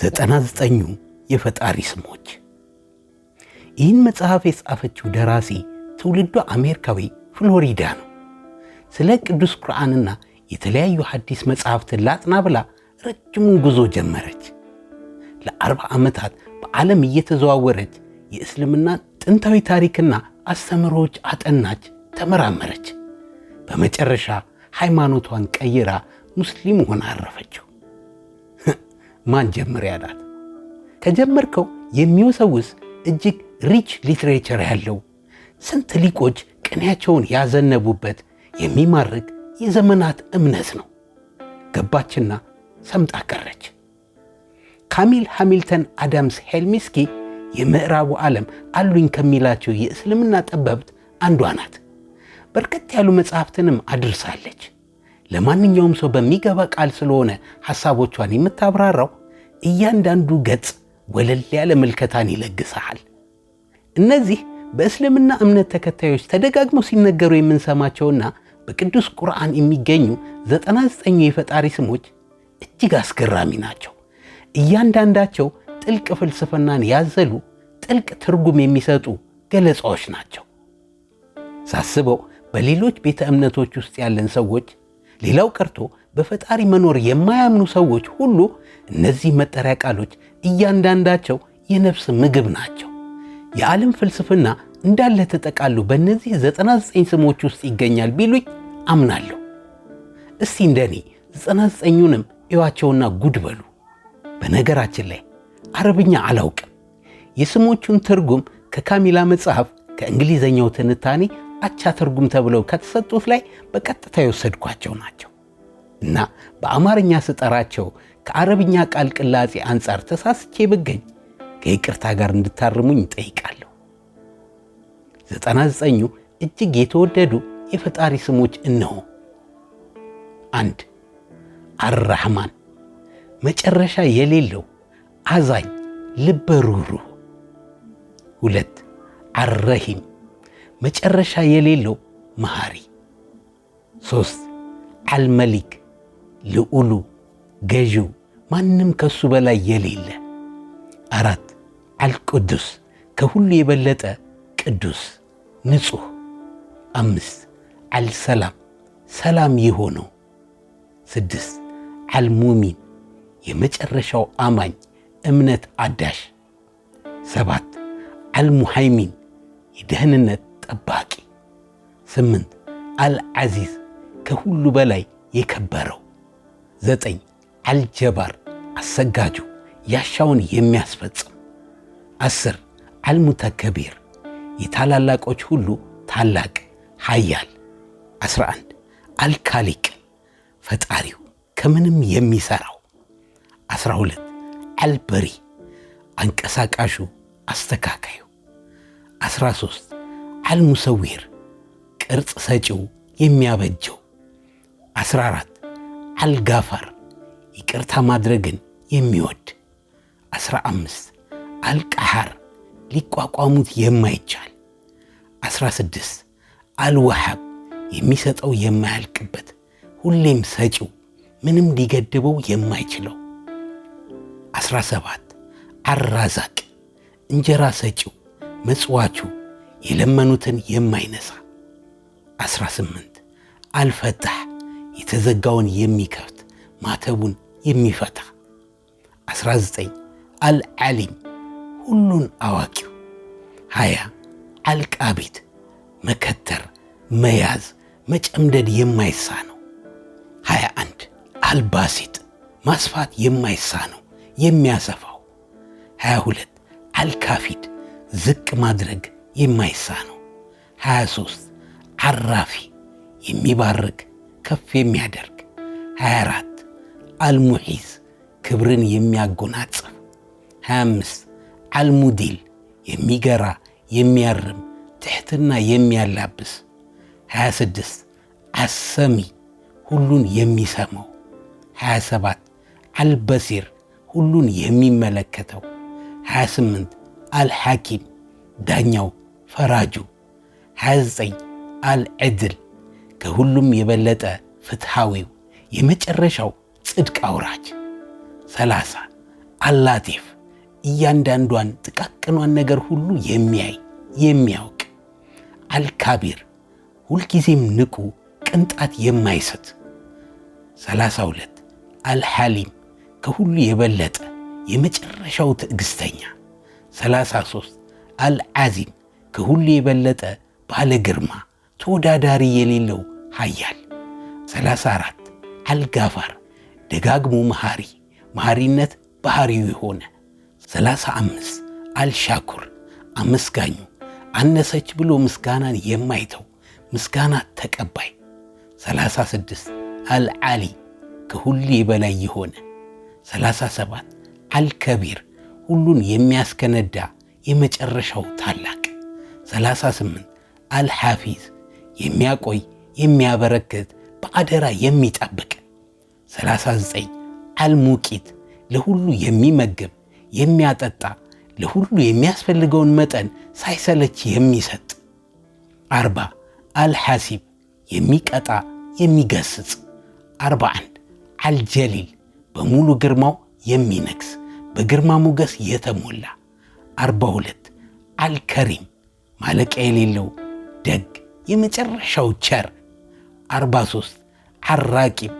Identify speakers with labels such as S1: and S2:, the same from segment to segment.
S1: ዘጠና ዘጠኙ የፈጣሪ ስሞች። ይህን መጽሐፍ የጻፈችው ደራሲ ትውልዷ አሜሪካዊ ፍሎሪዳ ነው። ስለ ቅዱስ ቁርአንና የተለያዩ ሐዲስ መጽሐፍትን ላጥና ብላ ረጅሙን ጉዞ ጀመረች። ለአርባ ዓመታት በዓለም እየተዘዋወረች የእስልምና ጥንታዊ ታሪክና አስተምሮች አጠናች፣ ተመራመረች። በመጨረሻ ሃይማኖቷን ቀይራ ሙስሊም ሆና አረፈችው። ማን ጀምር ያላት ከጀመርከው የሚወሰውስ እጅግ ሪች ሊትሬቸር ያለው ስንት ሊቆች ቅኔያቸውን ያዘነቡበት የሚማርክ የዘመናት እምነት ነው። ገባችና ሰምጣ ቀረች። ካሚል ሃሚልተን አዳምስ ሄልሚስኪ የምዕራቡ ዓለም አሉኝ ከሚላቸው የእስልምና ጠበብት አንዷ ናት። በርከት ያሉ መጽሐፍትንም አድርሳለች። ለማንኛውም ሰው በሚገባ ቃል ስለሆነ ሐሳቦቿን የምታብራራው እያንዳንዱ ገጽ ወለል ያለ ምልከታን ይለግሰሃል። እነዚህ በእስልምና እምነት ተከታዮች ተደጋግመው ሲነገሩ የምንሰማቸውና በቅዱስ ቁርአን የሚገኙ 99 የፈጣሪ ስሞች እጅግ አስገራሚ ናቸው። እያንዳንዳቸው ጥልቅ ፍልስፍናን ያዘሉ ጥልቅ ትርጉም የሚሰጡ ገለጻዎች ናቸው። ሳስበው በሌሎች ቤተ እምነቶች ውስጥ ያለን ሰዎች ሌላው ቀርቶ በፈጣሪ መኖር የማያምኑ ሰዎች ሁሉ እነዚህ መጠሪያ ቃሎች እያንዳንዳቸው የነፍስ ምግብ ናቸው። የዓለም ፍልስፍና እንዳለ ተጠቃሉ በእነዚህ 99 ስሞች ውስጥ ይገኛል ቢሉኝ አምናለሁ። እስቲ እንደኔ 99ኙንም እዩዋቸውና ጉድ በሉ። በነገራችን ላይ አረብኛ አላውቅም። የስሞቹን ትርጉም ከካሚላ መጽሐፍ ከእንግሊዘኛው ትንታኔ አቻ ትርጉም ተብለው ከተሰጡት ላይ በቀጥታ የወሰድኳቸው ናቸው እና በአማርኛ ስጠራቸው ከአረብኛ ቃል ቅላጼ አንጻር ተሳስቼ ብገኝ ከይቅርታ ጋር እንድታርሙኝ ጠይቃለሁ። ዘጠና ዘጠኙ እጅግ የተወደዱ የፈጣሪ ስሞች እነሆ። አንድ አራህማን፣ መጨረሻ የሌለው አዛኝ ልበ ሩህሩህ። ሁለት አረሂም መጨረሻ የሌለው መሐሪ። ሶስት አልመሊክ ልዑሉ ገዢው፣ ማንም ከሱ በላይ የሌለ። አራት አልቅዱስ ከሁሉ የበለጠ ቅዱስ ንጹሕ። አምስት አልሰላም ሰላም የሆነው። ስድስት አልሙሚን የመጨረሻው አማኝ እምነት አዳሽ። ሰባት አልሙሃይሚን የደህንነት ጠባቂ። ስምንት አልዓዚዝ ከሁሉ በላይ የከበረው። ዘጠኝ አልጀባር አሰጋጁ ያሻውን የሚያስፈጽም። አስር አልሙተከቢር የታላላቆች ሁሉ ታላቅ ኃያል። 11 አልካሊቅ ፈጣሪው ከምንም የሚሰራው። 12 አልበሪ አንቀሳቃሹ አስተካካዩ። 13 አልሙሰዊር ቅርጽ ሰጪው የሚያበጀው 14 አልጋፋር ይቅርታ ማድረግን የሚወድ 15 አልቀሃር ሊቋቋሙት የማይቻል 16 አልወሃብ የሚሰጠው የማያልቅበት ሁሌም ሰጪው ምንም ሊገድበው የማይችለው 17 አራዛቅ እንጀራ ሰጪው መጽዋቹ የለመኑትን የማይነሳ 18 አልፈታህ የተዘጋውን የሚከፍት ማተቡን የሚፈታ 19 አልዓሊም ሁሉን አዋቂው 20 አልቃቢት መከተር መያዝ መጨምደድ የማይሳ ነው። 21 አልባሲጥ ማስፋት የማይሳ ነው የሚያሰፋው። 22 አልካፊድ ዝቅ ማድረግ የማይሳ ነው። 23 አራፊ የሚባርክ ከፍ የሚያደርግ 24 አልሙሒዝ ክብርን የሚያጎናጽፍ 25 አልሙዲል የሚገራ የሚያርም ትሕትና የሚያላብስ 26 አሰሚ ሁሉን የሚሰማው 27 አልበሲር ሁሉን የሚመለከተው 28 አልሐኪም ዳኛው ፈራጁ 29 አልዕድል ከሁሉም የበለጠ ፍትሐዊው የመጨረሻው ጽድቅ አውራጅ 30 አላቲፍ እያንዳንዷን ጥቃቅኗን ነገር ሁሉ የሚያይ የሚያውቅ አልካቢር ሁልጊዜም ንቁ ቅንጣት የማይሰጥ 32 አልሐሊም ከሁሉ የበለጠ የመጨረሻው ትዕግስተኛ 33 አልዓዚም ከሁሉ የበለጠ ባለ ግርማ ተወዳዳሪ የሌለው ኃያል 34 አልጋፋር ደጋግሞ መሐሪ መሐሪነት ባህሪው የሆነ 35 አልሻኩር አመስጋኙ አነሰች ብሎ ምስጋናን የማይተው ምስጋና ተቀባይ 36 አልዓሊ ከሁሉ በላይ የሆነ 37 አልከቢር ሁሉን የሚያስከነዳ የመጨረሻው ታላቅ 38 አልሐፊዝ የሚያቆይ የሚያበረክት በአደራ የሚጠብቅ 39 አልሙቂት ለሁሉ የሚመግብ የሚያጠጣ ለሁሉ የሚያስፈልገውን መጠን ሳይሰለች የሚሰጥ 40 አልሐሲብ የሚቀጣ የሚገስጽ 41 አልጀሊል በሙሉ ግርማው የሚነግስ በግርማ ሞገስ የተሞላ 42 አልከሪም ማለቂያ የሌለው ደግ የመጨረሻው ቸር 43 አራቂም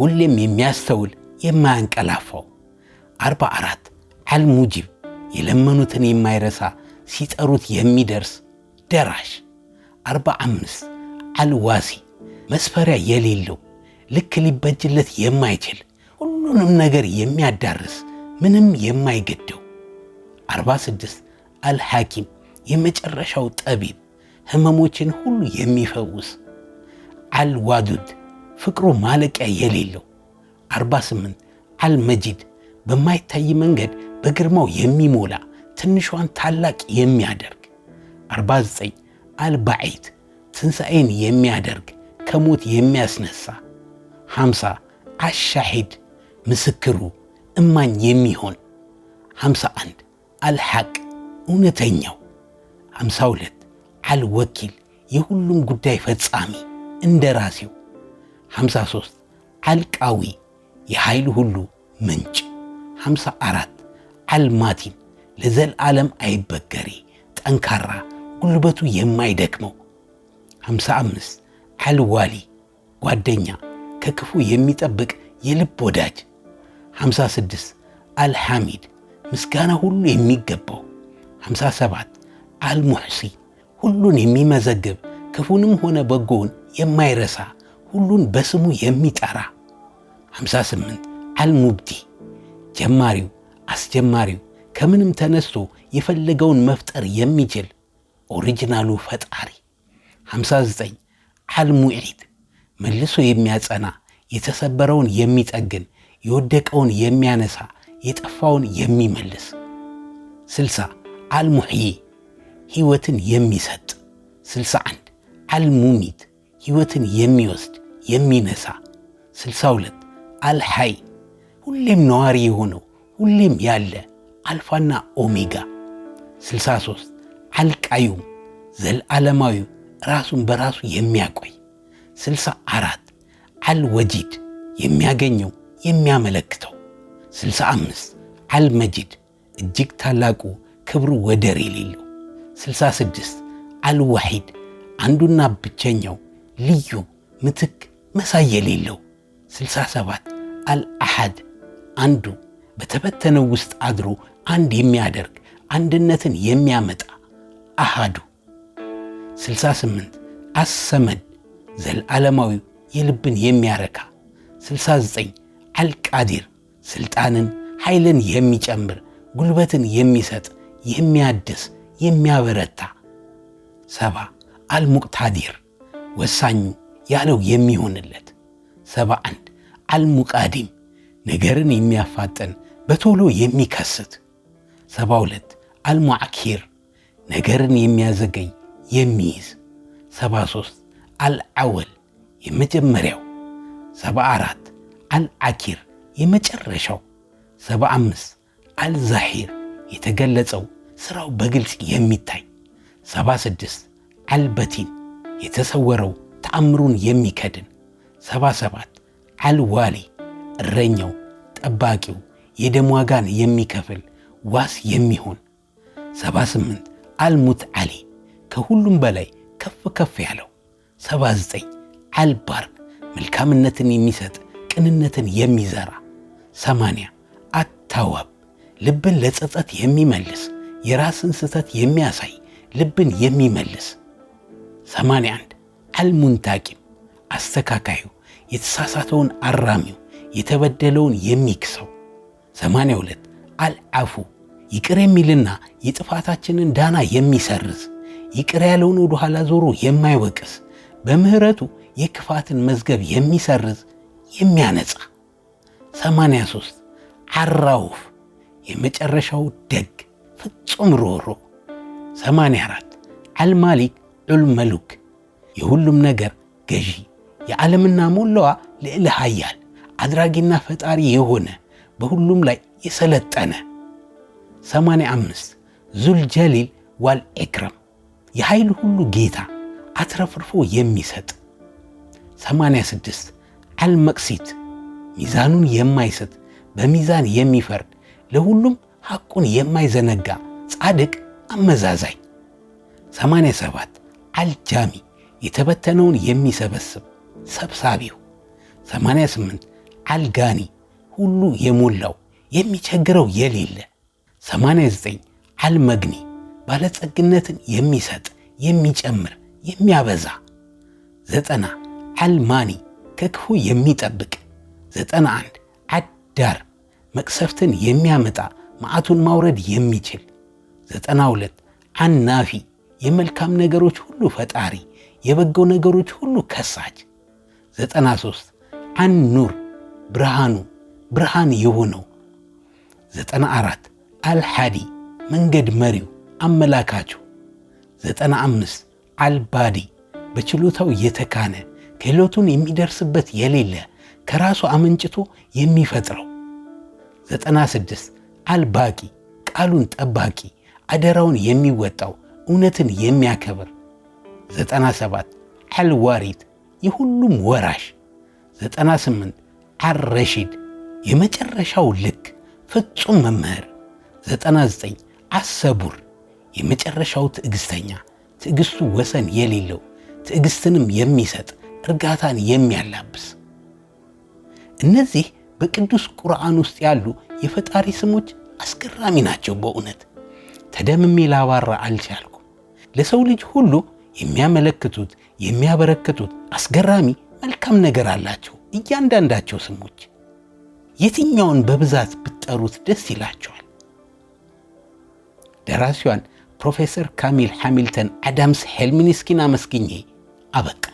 S1: ሁሌም የሚያስተውል የማያንቀላፋው 44 አልሙጂብ የለመኑትን የማይረሳ ሲጠሩት የሚደርስ ደራሽ 45 አልዋሲ መስፈሪያ የሌለው ልክ ሊበጅለት የማይችል ሁሉንም ነገር የሚያዳርስ ምንም የማይገደው 46 አልሐኪም የመጨረሻው ጠቢብ ህመሞችን ሁሉ የሚፈውስ አልዋዱድ ፍቅሩ ማለቂያ የሌለው 48 አልመጂድ በማይታይ መንገድ በግርማው የሚሞላ ትንሿን ታላቅ የሚያደርግ 49 አልባዒት ትንሣኤን የሚያደርግ ከሞት የሚያስነሳ 50 አሻሂድ ምስክሩ እማኝ የሚሆን 51 አልሐቅ እውነተኛው 52 አልወኪል የሁሉም ጉዳይ ፈጻሚ እንደ ራሴው 53 አልቃዊ የኃይል ሁሉ ምንጭ 54 አልማቲን ለዘልዓለም አይበገሬ ጠንካራ ጉልበቱ የማይደክመው 55 አልዋሊ ጓደኛ ከክፉ የሚጠብቅ የልብ ወዳጅ 56 አልሐሚድ ምስጋና ሁሉ የሚገባው 57 አልሙሕሲ ሁሉን የሚመዘግብ ክፉንም ሆነ በጎውን የማይረሳ ሁሉን በስሙ የሚጠራ 58 አልሙብዲ ጀማሪው አስጀማሪው ከምንም ተነስቶ የፈለገውን መፍጠር የሚችል ኦሪጂናሉ ፈጣሪ 59 አልሙዒድ መልሶ የሚያጸና የተሰበረውን የሚጠግን የወደቀውን የሚያነሳ የጠፋውን የሚመልስ 60 አልሙሕይ ህይወትን የሚሰጥ 61 አልሙሚት ህይወትን የሚወስድ የሚነሳ 62 አልሐይ ሁሌም ነዋሪ የሆነው ሁሌም ያለ አልፋና ኦሜጋ 63 አልቃዩም ዘለዓለማዊ ራሱን በራሱ የሚያቆይ 64 አልወጂድ የሚያገኘው የሚያመለክተው 65 አልመጂድ እጅግ ታላቁ ክብሩ ወደር የሌለው 66 አልዋሂድ አንዱና ብቸኛው ልዩ ምትክ መሳይ የሌለው 67 አልአሐድ አንዱ በተበተነው ውስጥ አድሮ አንድ የሚያደርግ አንድነትን የሚያመጣ አሃዱ 68 አሰመድ ዘለዓለማዊ የልብን የሚያረካ 69 አልቃዲር ስልጣንን ኃይልን የሚጨምር ጉልበትን የሚሰጥ የሚያድስ የሚያበረታ ሰባ አልሙቅታዲር ወሳኙ ያለው የሚሆንለት ሰባ አንድ አልሙቃዲም ነገርን የሚያፋጥን በቶሎ የሚከስት ሰባ ሁለት አልሙዓኪር ነገርን የሚያዘገይ የሚይዝ ሰባ ሶስት አልዓወል የመጀመሪያው ሰባ አራት አልዓኪር የመጨረሻው ሰባ አምስት አልዛሂር የተገለጸው ስራው በግልጽ የሚታይ 76 አልበቲን የተሰወረው ተአምሩን የሚከድን 77 አልዋሊ እረኛው ጠባቂው የደም ዋጋን የሚከፍል ዋስ የሚሆን 78 አልሙት አሊ ከሁሉም በላይ ከፍ ከፍ ያለው 79 አልባር መልካምነትን የሚሰጥ ቅንነትን የሚዘራ 80 አታዋብ ልብን ለጸጸት የሚመልስ የራስን ስህተት የሚያሳይ ልብን የሚመልስ 81 አልሙንታቂም አስተካካዩ የተሳሳተውን አራሚው የተበደለውን የሚክሰው 82 አልአፉ ይቅር የሚልና የጥፋታችንን ዳና የሚሰርዝ ይቅር ያለውን ወደ ኋላ ዞሮ የማይወቅስ በምህረቱ የክፋትን መዝገብ የሚሰርዝ የሚያነጻ 83 አራውፍ የመጨረሻው ደግ ፍጹም ሮሮ 84 አልማሊክ ዑልመሉክ የሁሉም ነገር ገዢ የዓለምና ሞላዋ ልዕለ ኃያል አድራጊና ፈጣሪ የሆነ በሁሉም ላይ የሰለጠነ 85 ዙልጀሊል ዋል የኃይል ሁሉ ጌታ አትረፍርፎ የሚሰጥ 86 አልመቅሲት ሚዛኑን የማይሰጥ በሚዛን የሚፈርድ ለሁሉም ሐቁን የማይዘነጋ ጻድቅ አመዛዛኝ 87 አልጃሚ የተበተነውን የሚሰበስብ ሰብሳቢው 88 አልጋኒ ሁሉ የሞላው የሚቸግረው የሌለ 89 አልመግኒ ባለጸግነትን የሚሰጥ የሚጨምር የሚያበዛ 90 አልማኒ ከክፉ የሚጠብቅ 91 አዳር መቅሰፍትን የሚያመጣ መዓቱን ማውረድ የሚችል ዘጠና ሁለት አናፊ የመልካም ነገሮች ሁሉ ፈጣሪ የበጎ ነገሮች ሁሉ ከሳች ዘጠና ሦስት አንኑር ብርሃኑ ብርሃን የሆነው ዘጠና አራት አልሓዲ መንገድ መሪው አመላካችሁ ዘጠና አምስት አልባዲ በችሎታው የተካነ ክህሎቱን የሚደርስበት የሌለ ከራሱ አመንጭቶ የሚፈጥረው ዘጠና ስድስት አልባቂ፣ ቃሉን ጠባቂ፣ አደራውን የሚወጣው እውነትን የሚያከብር። 97 አልዋሪት የሁሉም ወራሽ። 98 አልረሺድ የመጨረሻው ልክ ፍጹም መምህር። 99 አሰቡር የመጨረሻው ትዕግስተኛ፣ ትዕግስቱ ወሰን የሌለው ትዕግስትንም የሚሰጥ እርጋታን የሚያላብስ። እነዚህ በቅዱስ ቁርአን ውስጥ ያሉ የፈጣሪ ስሞች አስገራሚ ናቸው። በእውነት ተደምሜ ላባራ አልቻልኩም። ለሰው ልጅ ሁሉ የሚያመለክቱት የሚያበረክቱት አስገራሚ መልካም ነገር አላቸው እያንዳንዳቸው ስሞች። የትኛውን በብዛት ብትጠሩት ደስ ይላቸዋል? ደራሲዋን ፕሮፌሰር ካሚል ሃሚልተን አዳምስ ሄልሚኒስኪን አመስግኜ አበቃ።